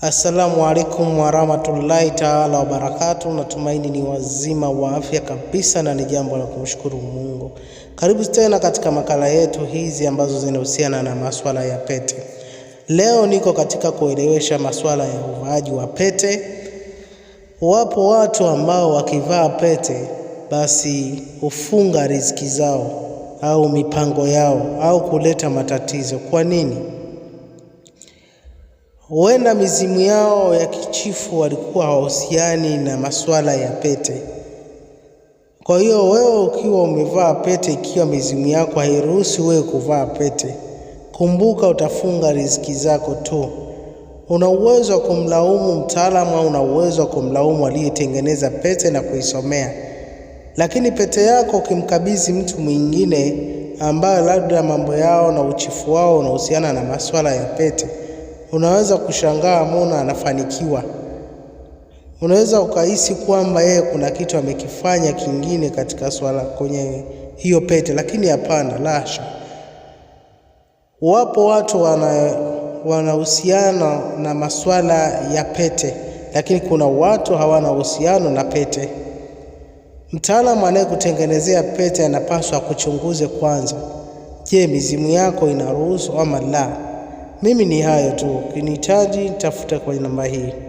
Assalamu alaikum warahmatullahi taala wabarakatu. Natumaini ni wazima wa afya kabisa na ni jambo la kumshukuru Mungu. Karibu tena katika makala yetu hizi ambazo zinahusiana na masuala ya pete. Leo niko katika kuelewesha masuala ya uvaaji wa pete. Wapo watu ambao wakivaa pete basi hufunga riziki zao au mipango yao au kuleta matatizo. Kwa nini? Huenda mizimu yao ya kichifu walikuwa hawahusiani na masuala ya pete. Kwa hiyo wewe ukiwa umevaa pete, ikiwa mizimu yako hairuhusi wewe kuvaa pete, kumbuka utafunga riziki zako tu. Una uwezo wa kumlaumu mtaalamu au una uwezo wa kumlaumu aliyetengeneza pete na kuisomea, lakini pete yako ukimkabidhi mtu mwingine ambaye labda mambo yao na uchifu wao unahusiana na masuala ya pete Unaweza kushangaa mbona anafanikiwa. Unaweza ukahisi kwamba yeye kuna kitu amekifanya kingine katika swala kwenye hiyo pete, lakini hapana, lasha. Wapo watu wanahusiana na maswala ya pete, lakini kuna watu hawana uhusiano na pete. Mtaalamu anayekutengenezea pete anapaswa kuchunguze kwanza. Je, mizimu yako inaruhusu ama la? Mimi ni hayo tu, ukinihitaji tafuta kwa namba hii.